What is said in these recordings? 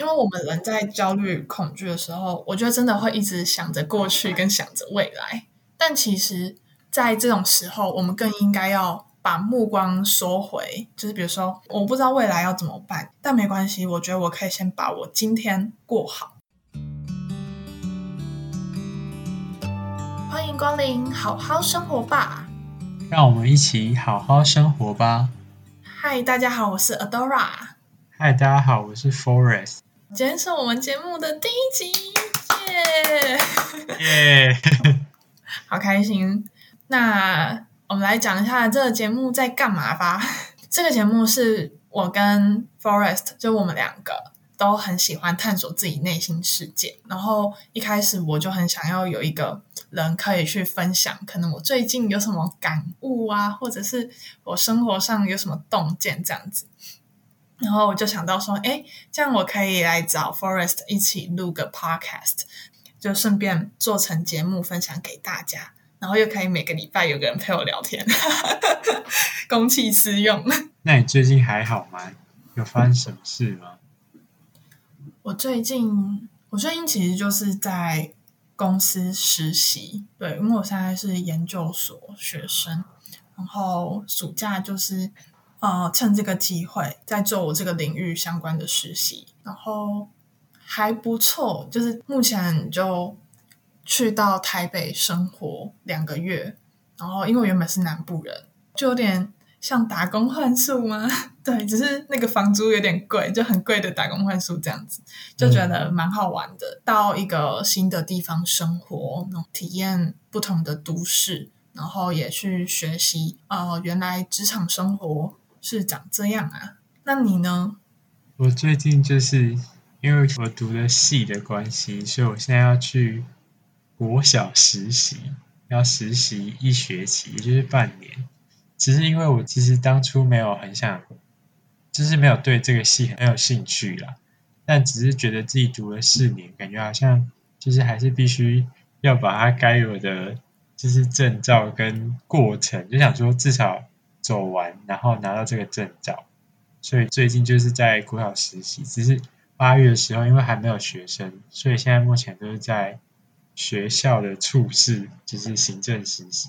因為我們人在焦慮、恐懼的時候，我覺得真的會一直想着過去，跟想着未來。但其實，在這種時候，我們更應該要把目光收回。就是比如說，我不知道未來要怎麼辦，但沒關係，我覺得我可以先把我今天過好。歡迎光臨，好好生活吧！讓我們一起好好生活吧！嗨，大家好，我是 Adora。嗨，大家好，我是 Forest。今天是我們節目的第一集，耶，耶，好開心！那我們來講一下這個節目在幹嘛吧。 這個節目是我跟 Forest，就我們兩個都很喜歡探索自己內心世界。然後一開始我就很想要有一個人可以去分享，可能我最近有什麼感悟啊，或者是我生活上有什麼洞見這樣子。然後我就想到說，哎，這樣我可以來找 Forest 一起錄個 Podcast，就順便做成節目分享給大家，然後又可以每個禮拜有個人陪我聊天，公器私用。那你最近還好嗎？有發生什麼事嗎？ 我最近，我最近其實就是在公司實習，對，因為我現在是研究所學生，然後暑假就是。呃，趁這個機會在做我這個領域相關的實習，然後還不錯，就是目前就去到台北生活兩個月，然後因為我原本是南部人，就有點像打工換宿嗎？對，只是那個房租有點貴，就很貴的打工換宿這樣子，就覺得蠻好玩的，嗯、到一個新的地方生活，體驗不同的都市，然後也去學習，呃，原來職場生活，是長這樣啊？那你呢？我最近就是因為我讀的系的關係，所以我現在要去國小實習，要實習一學期，也就是半年。只是因為我其實當初沒有很想，就是沒有對這個系很有興趣啦。但只是覺得自己讀了四年，感覺好像就是還是必須要把它該有的就是證照跟過程，就想說至少。走完，然後拿到這個證照，所以最近就是在國小實習。只是八月的時候，因為還沒有學生，所以現在目前都是在學校的處室，就是行政實習。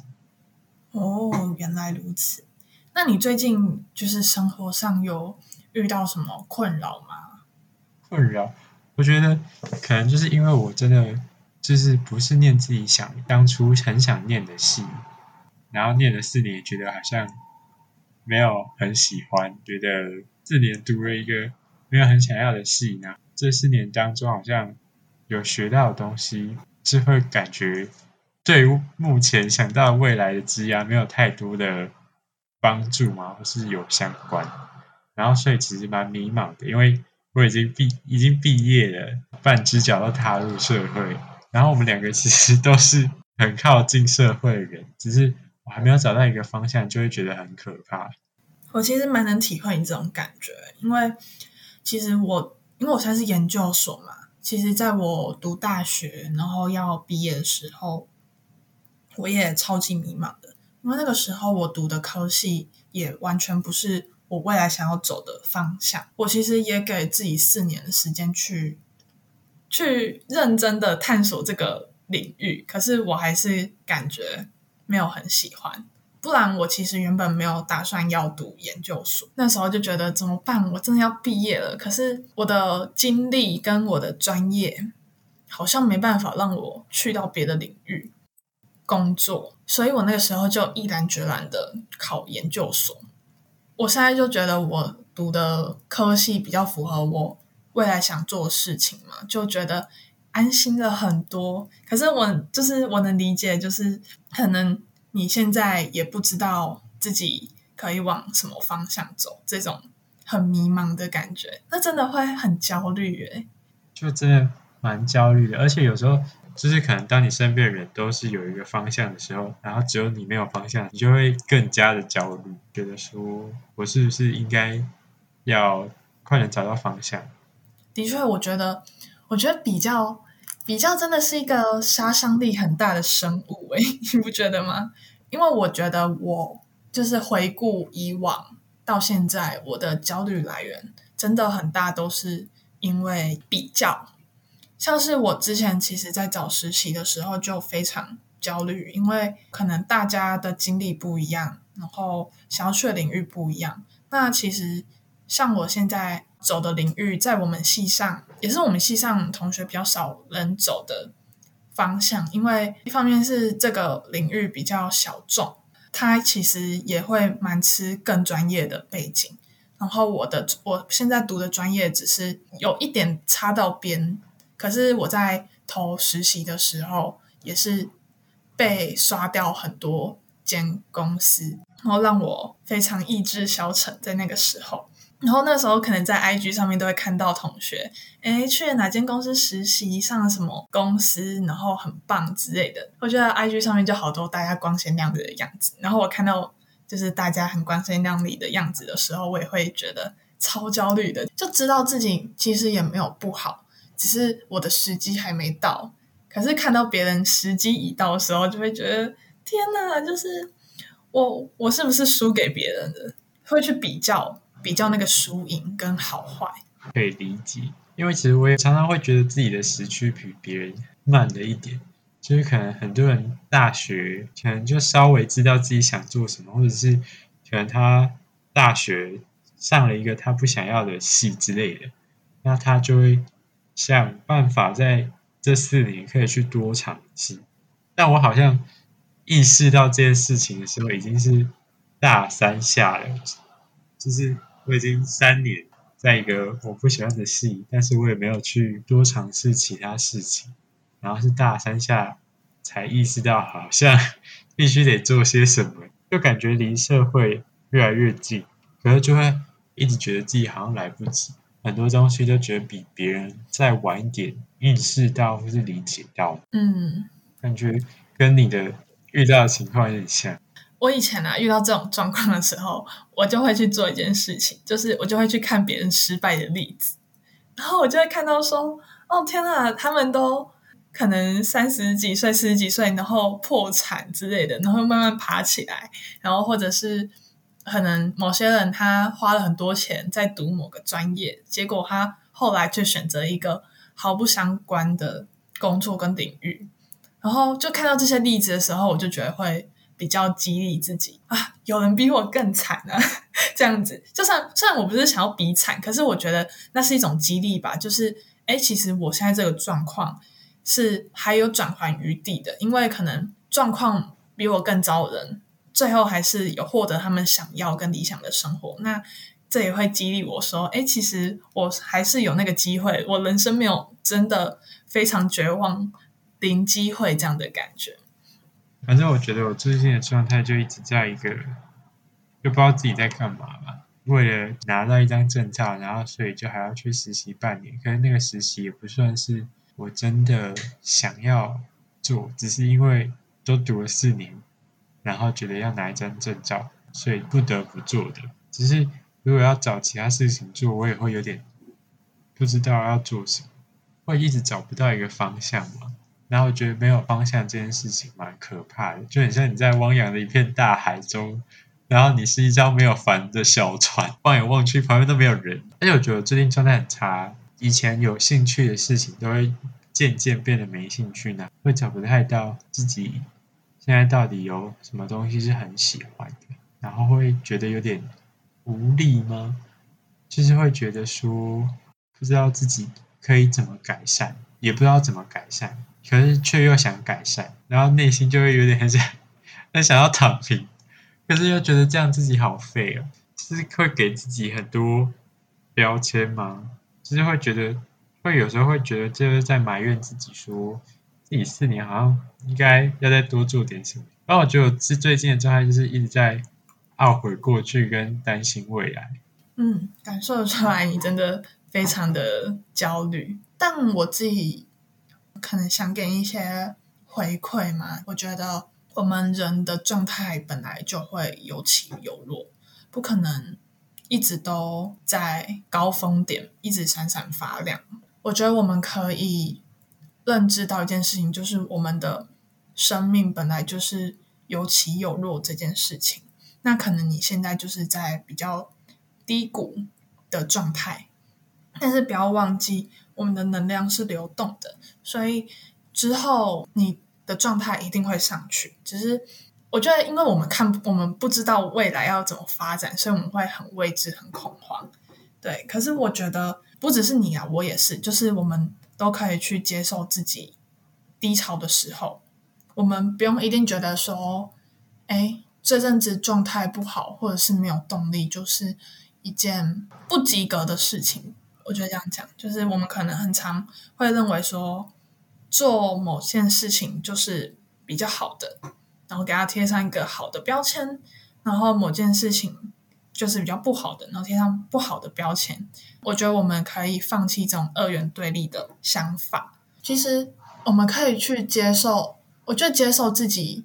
哦，原來如此。那你最近就是生活上有遇到什麼困擾嗎？困擾，我覺得可能就是因為我真的就是不是念自己想當初很想念的戲，然後念了四年你覺得好像。沒有很喜歡，覺得這年讀了一個沒有很想要的系呢。這四年當中，好像有學到的東西是會感覺對於目前想到未來的職涯沒有太多的幫助嘛，或是有相關，然後所以其實蠻迷茫的。因為我已經畢已經畢業了，半只腳都踏入社會。然後我們兩個其實都是很靠近社會的人，只是。我還沒有找到一個方向，就會覺得很可怕。我其實蠻能體會你這種感覺，因為其實我因為我現在是研究所嘛，其實在我讀大學然後要畢業的時候，我也超級迷茫的。因為那個時候我讀的科系也完全不是我未來想要走的方向。我其實也給自己四年的時間去去認真的探索這個領域，可是我還是感覺。沒有很喜歡，不然我其實原本沒有打算要讀研究所。那時候就覺得怎麼辦，我真的要畢業了。可是我的經歷跟我的專業好像沒辦法讓我去到別的領域工作，所以我那個時候就毅然決然的考研究所。我現在就覺得我讀的科系比較符合我未來想做的事情嘛，就覺得。安心了很多，可是我就是我能理解，就是可能你現在也不知道自己可以往什麼方向走，這種很迷茫的感覺，那真的會很焦慮耶。就真的蠻焦慮的，而且有時候就是可能當你身邊人都是有一個方向的時候，然後只有你沒有方向，你就會更加的焦慮，覺得說我是不是應該要快點找到方向？的確，我覺得。我覺得比較，比較真的是一個殺傷力很大的生物，誒，你不覺得嗎？因為我覺得我就是回顧以往到現在，我的焦慮來源真的很大，都是因為比較。像是我之前其實，在找實習的時候就非常焦慮，因為可能大家的經歷不一樣，然後想要去的領域不一樣，那其實。像我現在走的領域，在我們系上也是我們系上同學比較少人走的方向，因為一方面是這個領域比較小眾，它其實也會蠻吃更專業的背景。然後我的我現在讀的專業只是有一點擦到邊，可是我在投實習的時候也是被刷掉很多間公司，然後讓我非常意志消沉，在那個時候。然後那時候可能在 IG 上面都會看到同學，哎，去了哪間公司實習，上了什麼公司，然後很棒之類的。我覺得 IG 上面就好多大家光鮮亮麗的樣子。然後我看到就是大家很光鮮亮麗的樣子的時候，我也會覺得超焦慮的。就知道自己其實也沒有不好，只是我的時機還沒到。可是看到別人時機已到的時候，就會覺得天吶，就是我，我是不是輸給別人了？會去比較。比較那個輸贏跟好壞，可以理解，因為其實我也常常會覺得自己的時區比別人慢了一點，就是可能很多人大學可能就稍微知道自己想做什麼，或者是可能他大學上了一個他不想要的系之類的，那他就會想辦法在這四年可以去多嘗試。但我好像意識到這件事情的時候，已經是大三下了，就是。我已經三年在一個我不喜歡的系，但是我也沒有去多嘗試其他事情。然後是大三下才意識到，好像必須得做些什麼，就感覺離社會越來越近，可是就會一直覺得自己好像來不及，很多東西都覺得比別人再晚一點意識到或是理解到。嗯，感覺跟你的遇到的情況有點像。我以前呢、啊，遇到這種狀況的時候，我就會去做一件事情，就是我就會去看別人失敗的例子，然後我就會看到說，哦天啊，他們都可能三十幾歲、四十幾歲，然後破產之類的，然後慢慢爬起來，然後或者是可能某些人他花了很多錢在讀某個專業，結果他後來就選擇一個毫不相關的工作跟領域，然後就看到這些例子的時候，我就覺得會。比較激勵自己啊，有人比我更慘啊，這樣子。就算雖然我不是想要比慘，可是我覺得那是一種激勵吧。就是，哎、欸，其實我現在這個狀況是還有轉圜餘地的，因為可能狀況比我更糟的人，最後還是有獲得他們想要跟理想的生活。那這也會激勵我說，哎、欸，其實我還是有那個機會，我人生沒有真的非常絕望，零機會這樣的感覺。反正我覺得我最近的狀態就一直在一個，就不知道自己在幹嘛吧。為了拿到一張證照，然後所以就還要去實習半年。可是那個實習也不算是我真的想要做，只是因為都讀了四年，然後覺得要拿一張證照，所以不得不做的。只是如果要找其他事情做，我也會有點不知道要做什麼，會一直找不到一個方向嘛。然後我覺得沒有方向這件事情蠻可怕的，就很像你在汪洋的一片大海中，然後你是一艘沒有帆的小船，放眼望去旁邊都沒有人。而且我覺得最近狀態很差，以前有興趣的事情都會漸漸變得沒興趣呢，會找不太到自己現在到底有什麼東西是很喜歡的，然後會覺得有點無力嗎？就是會覺得說不知道自己可以怎麼改善，也不知道怎麼改善。可是卻又想改善，然後內心就會有點很想、很想要躺平，可是又覺得這樣自己好廢哦、啊，就是會給自己很多標籤嘛，就是會覺得，會有時候會覺得就是在埋怨自己說，說自己四年好像應該要再多做點什麼。然後我覺得我最最近的狀態就是一直在懊悔過去跟擔心未來。嗯，感受得出來，你真的非常的焦慮，但我自己。可能想給一些回饋嘛？我覺得我們人的狀態本來就會有起有落，不可能一直都在高峰點，一直閃閃發亮。我覺得我們可以認知到一件事情，就是我們的生命本來就是有起有落這件事情。那可能你現在就是在比較低谷的狀態，但是不要忘記。我們的能量是流動的，所以之後你的狀態一定會上去。只是我覺得，因為我們看我們不知道未來要怎麼發展，所以我們會很未知、很恐慌。對，可是我覺得不只是你啊，我也是，就是我們都可以去接受自己低潮的時候，我們不用一定覺得說，哎，這陣子狀態不好，或者是沒有動力，就是一件不及格的事情。我覺得這樣講，就是我們可能很常會認為說，做某件事情就是比較好的，然後給它貼上一個好的標籤；然後某件事情就是比較不好的，然後貼上不好的標籤。我覺得我們可以放棄這種二元對立的想法，其實我們可以去接受，我覺得接受自己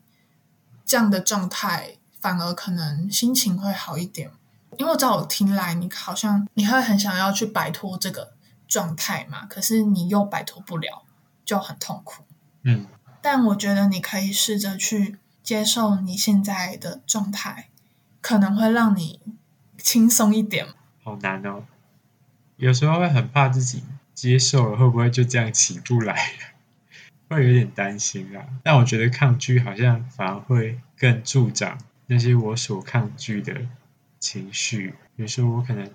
這樣的狀態，反而可能心情會好一點。因為在我聽來，你好像你會很想要去擺脫這個狀態嘛，可是你又擺脫不了，就很痛苦。嗯，但我覺得你可以試着去接受你現在的狀態，可能會讓你輕鬆一點。好難哦，有時候會很怕自己接受了會不會就這樣起不來？ 會有點擔心啊。但我覺得抗拒好像反而會更助長那些我所抗拒的。情緒，比如說我可能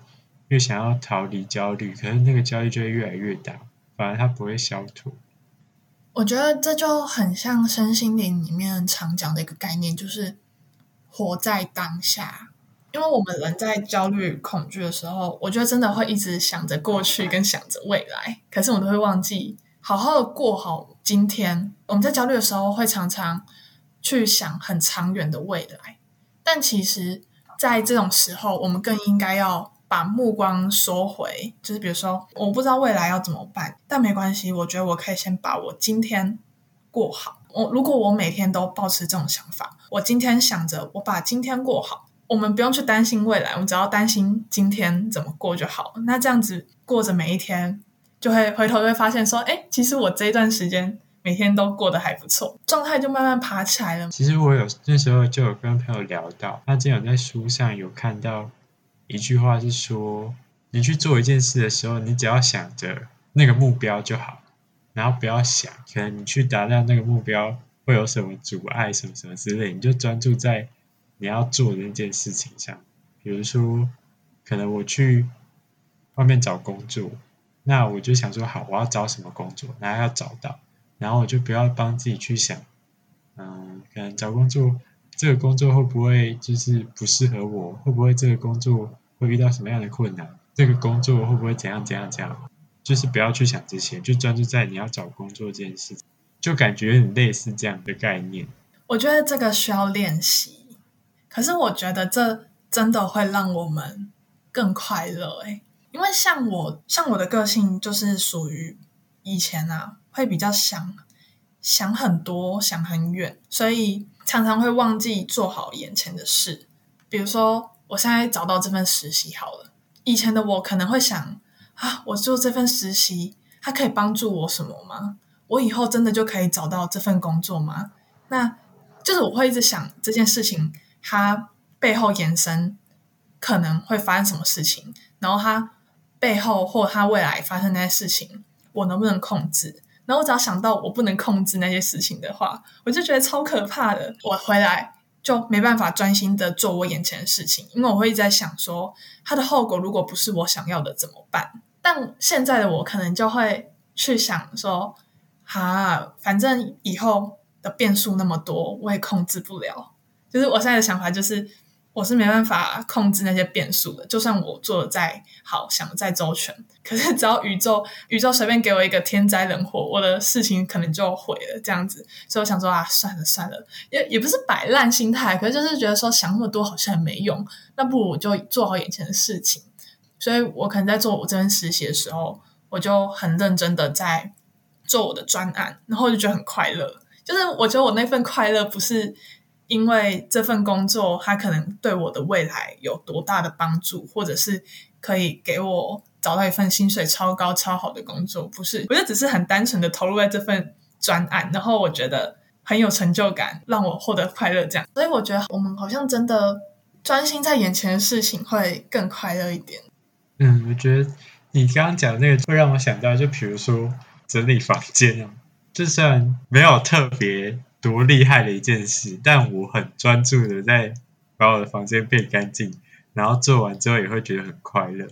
越想要逃離焦慮，可是那個焦慮就會越來越大，反而它不會消退。我覺得這就很像身心靈裡面常講的一個概念，就是活在當下。因為我們人在焦慮、恐懼的時候，我覺得真的會一直想着過去，跟想着未來。可是我們都會忘記好好的過好今天。我們在焦慮的時候，會常常去想很長遠的未來，但其實，在這種時候，我們更應該要把目光收回，就是比如說，我不知道未來要怎麼辦，但沒關係，我覺得我可以先把我今天過好。我如果我每天都保持這種想法，我今天想着我把今天過好，我們不用去擔心未來，我們只要擔心今天怎麼過就好。那這樣子過着每一天，就會回頭就會發現說，哎，其實我這一段時間。每天都過得還不錯，狀態就慢慢爬起來了。其實我有那時候就有跟朋友聊到，他之前有在書上有看到一句話，是說你去做一件事的時候，你只要想着那個目標就好，然後不要想可能你去達到那個目標會有什麼阻礙，什麼什麼之類，你就專注在你要做的那件事情上。比如說，可能我去外面找工作，那我就想說，好，我要找什麼工作，然後要找到。然後我就不要幫自己去想，嗯，可能找工作，這個工作會不會就是不適合我？會不會這個工作會遇到什麼樣的困難？這個工作會不會怎樣怎樣怎樣？就是不要去想這些，就專注在你要找工作這件事情，就感覺很類似這樣的概念。我覺得這個需要練習，可是我覺得這真的會讓我們更快樂哎、欸，因為像我，像我的個性就是屬於以前啊。會比較想想很多，想很遠，所以常常會忘記做好眼前的事。比如說，我現在找到這份實習好了，以前的我可能會想：啊，我做這份實習，它可以幫助我什麼嗎？我以後真的就可以找到這份工作嗎？那就是我會一直想這件事情，它背後延伸可能會發生什麼事情，然後它背後或它未來發生的那些事情，我能不能控制？然後我只要想到我不能控制那些事情的話，我就覺得超可怕的。我回來就沒辦法專心的做我眼前的事情，因為我會一直在想說，它的後果如果不是我想要的怎麼辦？但現在的我可能就會去想說，哈、啊，反正以後的變數那麼多，我也控制不了。就是我現在的想法就是。我是沒辦法控制那些變數的，就算我做的再好，想的再周全，可是只要宇宙、宇宙隨便給我一個天災人禍，我的事情可能就毀了這樣子。所以我想說啊，算了算了，也、也不是擺爛心態，可是就是覺得說想那麼多好像也沒用，那不如我就做好眼前的事情。所以我可能在做我這份實習的時候，我就很認真的在做我的專案，然後我就覺得很快樂，就是我覺得我那份快樂不是，因為這份工作，它可能對我的未來有多大的幫助，或者是可以給我找到一份薪水超高、超好的工作，不是？我就只是很單純的投入在這份專案，然後我覺得很有成就感，讓我獲得快樂這樣。所以我覺得我們好像真的專心在眼前的事情會更快樂一點。嗯，我覺得你剛剛講的那個會讓我想到，就比如說整理房間啊，就算沒有特別。多厲害的一件事！但我很專注的在把我的房間變乾淨，然後做完之後也會覺得很快樂。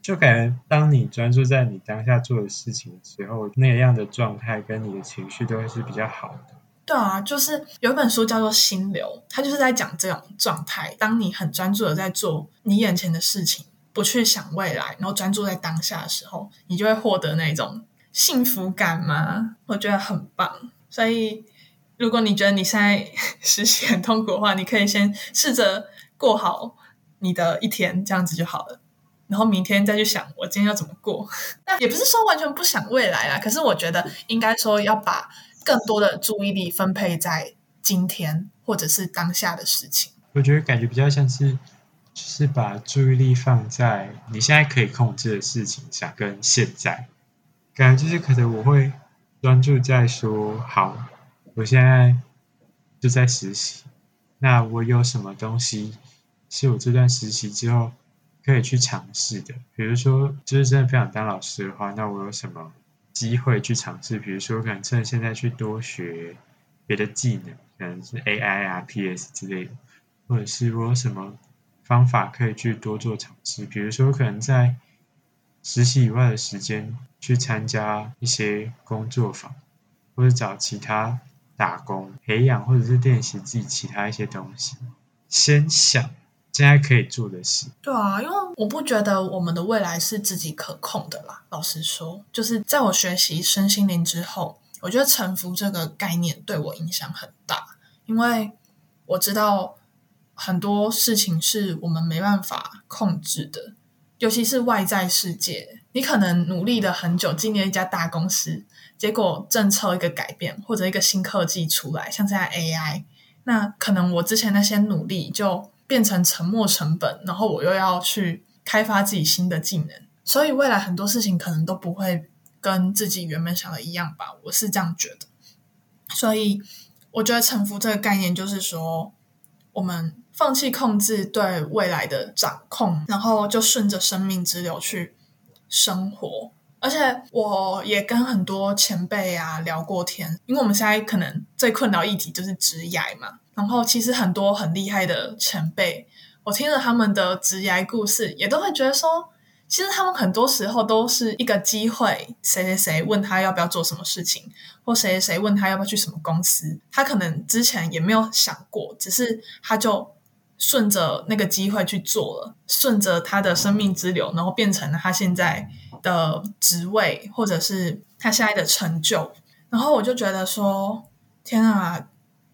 就感覺當你專注在你當下做的事情的時候，那樣的狀態跟你的情緒都會是比較好的。對啊，就是有一本書叫做《心流》，它就是在講這種狀態。當你很專注的在做你眼前的事情，不去想未來，然後專注在當下的時候，你就會獲得那種幸福感嘛。我覺得很棒，所以。如果你覺得你現在實習很痛苦的話，你可以先試着過好你的一天，這樣子就好了。然後明天再去想我今天要怎麼過。那也不是說完全不想未來啦，可是我覺得應該說要把更多的注意力分配在今天或者是當下的事情。我覺得感覺比較像是，就是把注意力放在你現在可以控制的事情上，跟現在。感覺就是可能我會專注在說好。我現在就在實習，那我有什麼東西是我這段實習之後可以去嘗試的？比如說，就是真的不想當老師的話，那我有什麼機會去嘗試？比如說，我可能趁現在去多學別的技能，可能是 AI 啊、PS 之類的，或者是我有什麼方法可以去多做嘗試？比如說，我可能在實習以外的時間去參加一些工作坊，或者找其他。打工、培養或者是練習自己其他一些東西，先想現在可以做的事。對啊，因為我不覺得我們的未來是自己可控的啦。老實說，就是在我學習身心靈之後，我覺得“臣服”這個概念對我影響很大，因為我知道很多事情是我們沒辦法控制的，尤其是外在世界。你可能努力了很久，進了一家大公司。結果政策一個改變，或者一個新科技出來，像現在 AI，那可能我之前那些努力就變成沉沒成本，然後我又要去開發自己新的技能。所以未來很多事情可能都不會跟自己原本想的一樣吧，我是這樣覺得。所以我覺得臣服這個概念就是說，我們放棄控制對未來的掌控，然後就順着生命之流去生活。而且我也跟很多前輩啊聊過天，因為我們現在可能最困擾議題就是職涯嘛。然後其實很多很厲害的前輩，我聽了他們的職涯故事，也都會覺得說，其實他們很多時候都是一個機會，誰誰誰問他要不要做什麼事情，或誰誰誰問他要不要去什麼公司，他可能之前也沒有想過，只是他就。順着那個機會去做了，順着他的生命之流，然後變成了他現在的職位，或者是他現在的成就。然後我就覺得說：“天啊！”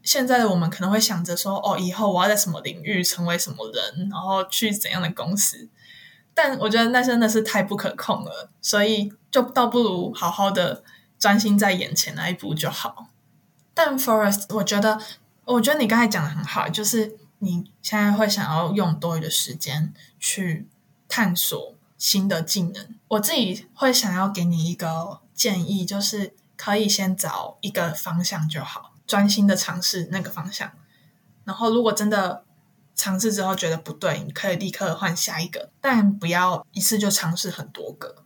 現在的我們可能會想着說：“哦，以後我要在什麼領域成為什麼人，然後去怎樣的公司。”但我覺得那真的是太不可控了，所以就倒不如好好的專心在眼前那一步就好。但 Forest，我覺得，我覺得你剛才講得很好，就是。你現在會想要用多餘的時間去探索新的技能？我自己會想要給你一個建議，就是可以先找一個方向就好，專心的嘗試那個方向。然後，如果真的嘗試之後覺得不對，你可以立刻換下一個，但不要一次就嘗試很多個。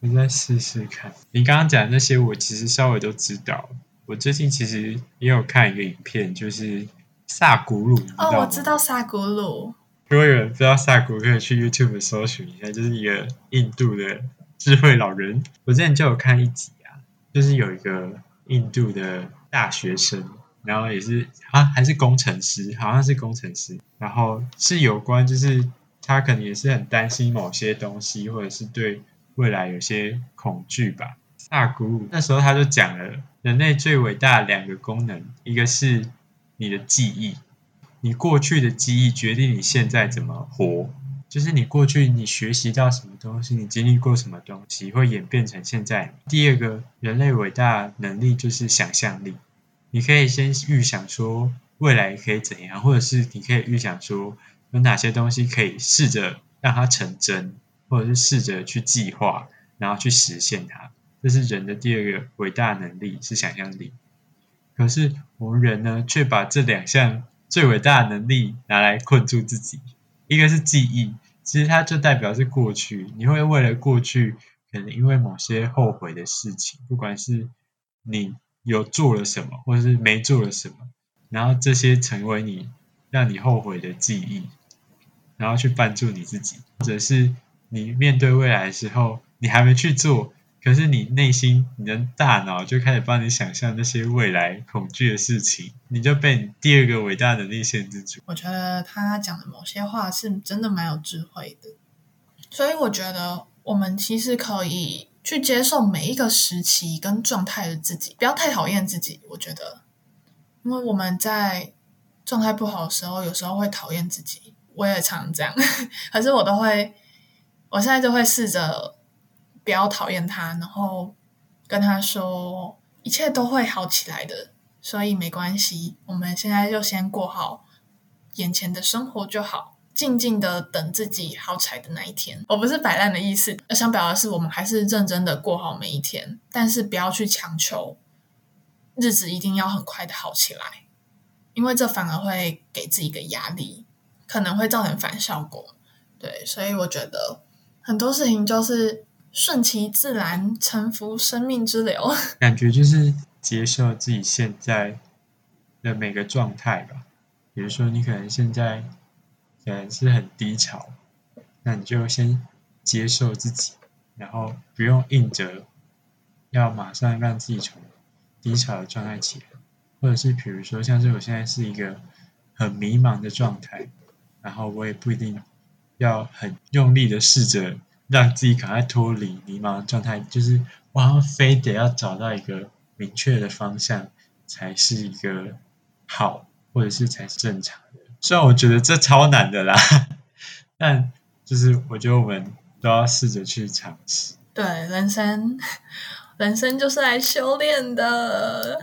我再試試看。你剛剛講的那些，我其實稍微都知道。我最近其實也有看一個影片，就是。薩古魯哦，我知道薩古魯。如果有人不知道薩古，可以去 YouTube 搜尋一下，就是一個印度的智慧老人。我之前就有看一集啊，就是有一個印度的大學生，然後也是啊，還是工程師，好像是工程師。然後是有關，就是他可能也是很擔心某些東西，或者是對未來有些恐懼吧。薩古魯那時候他就講了人類最偉大的兩個功能，一個是。你的記憶，你過去的記憶決定你現在怎麼活，就是你過去你學習到什麼東西，你經歷過什麼東西，會演變成現在。第二個，人類偉大的能力就是想象力。你可以先預想說未來可以怎樣，或者是你可以預想說有哪些東西可以試着讓它成真，或者是試着去計劃，然後去實現它。這是人的第二個偉大的能力，是想象力。可是我們人呢，卻把這兩項最偉大的能力拿來困住自己。一個是記憶，其實它就代表是過去。你會為了過去，可能因為某些後悔的事情，不管是你有做了什麼，或者是沒做了什麼，然後這些成為你讓你後悔的記憶，然後去絆住你自己。或者是你面對未來的時候，你還沒去做。可是你內心，你的大腦就開始幫你想象那些未來恐懼的事情，你就被你第二個偉大的內線之主。我覺得他講的某些話是真的蠻有智慧的，所以我覺得我們其實可以去接受每一個時期跟狀態的自己，不要太討厭自己。我覺得，因為我們在狀態不好的時候，有時候會討厭自己，我也常這樣。 可是我都會，我現在就會試着。不要討厭他，然後跟他說一切都會好起來的，所以沒關係。我們現在就先過好眼前的生活就好，靜靜的等自己好起來的那一天。我不是擺爛的意思，我想表達的是，我們還是認真的過好每一天，但是不要去強求日子一定要很快的好起來，因為這反而會給自己一個壓力，可能會造成反效果。對，所以我覺得很多事情就是。順其自然，臣服生命之流，感覺就是接受自己現在的每個狀態吧。比如說，你可能現在可能是很低潮，那你就先接受自己，然後不用硬着，要馬上讓自己從低潮的狀態起來。或者是比如說，像是我現在是一個很迷茫的狀態，然後我也不一定要很用力的試着。讓自己趕快脫離迷茫狀態，就是我非得要找到一個明確的方向，才是一個好，或者是才是正常的。雖然我覺得這超難的啦，但就是我覺得我們都要試着去嘗試。對，人生，人生就是來修煉的。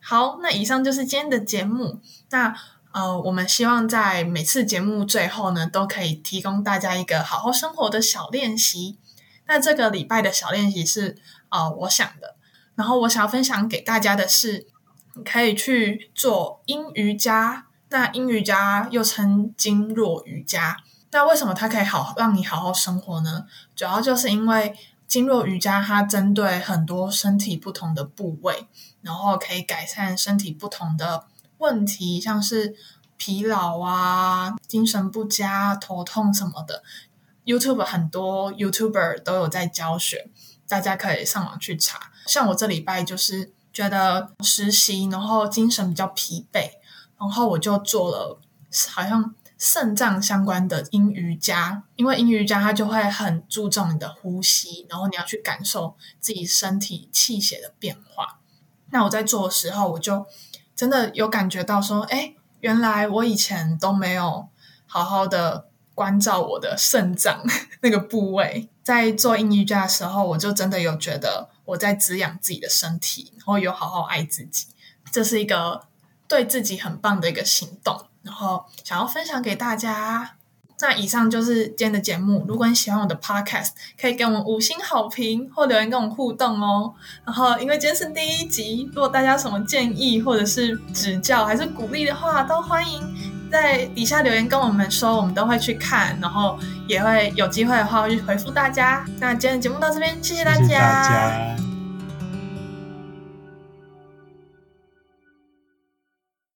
好，那以上就是今天的節目。那。呃，我們希望在每次節目最後呢，都可以提供大家一個好好生活的小練習。那這個禮拜的小練習是啊、呃，我想的。然後我想要分享給大家的是，你可以去做陰瑜伽。那陰瑜伽又稱經絡瑜伽。那為什麼它可以好讓你好好生活呢？主要就是因為經絡瑜伽它針對很多身體不同的部位，然後可以改善身體不同的。問題像是疲勞啊、精神不佳、頭痛什麼的，YouTube 很多 YouTuber 都有在教學，大家可以上網去查。像我這禮拜就是覺得實習，然後精神比較疲憊，然後我就做了好像腎臟相關的陰瑜伽，因為陰瑜伽它就會很注重你的呼吸，然後你要去感受自己身體氣血的變化。那我在做的時候，我就。真的有感覺到說，誒、欸、原來我以前都沒有好好的關照我的腎臟那個部位。在做陰瑜伽的時候，我就真的有覺得我在滋養自己的身體，然後有好好愛自己，這是一個對自己很棒的一個行動。然後想要分享給大家。那以上就是今天的節目。如果你喜歡我的 podcast，可以給我們五星好評或留言跟我們互動哦。然後，因為今天是第一集，如果大家有什麼建議或者是指教還是鼓勵的話，都歡迎在底下留言跟我們說，我們都會去看，然後也會有機會的話去回復大家。那今天的節目到這邊，謝謝大家。謝謝大家。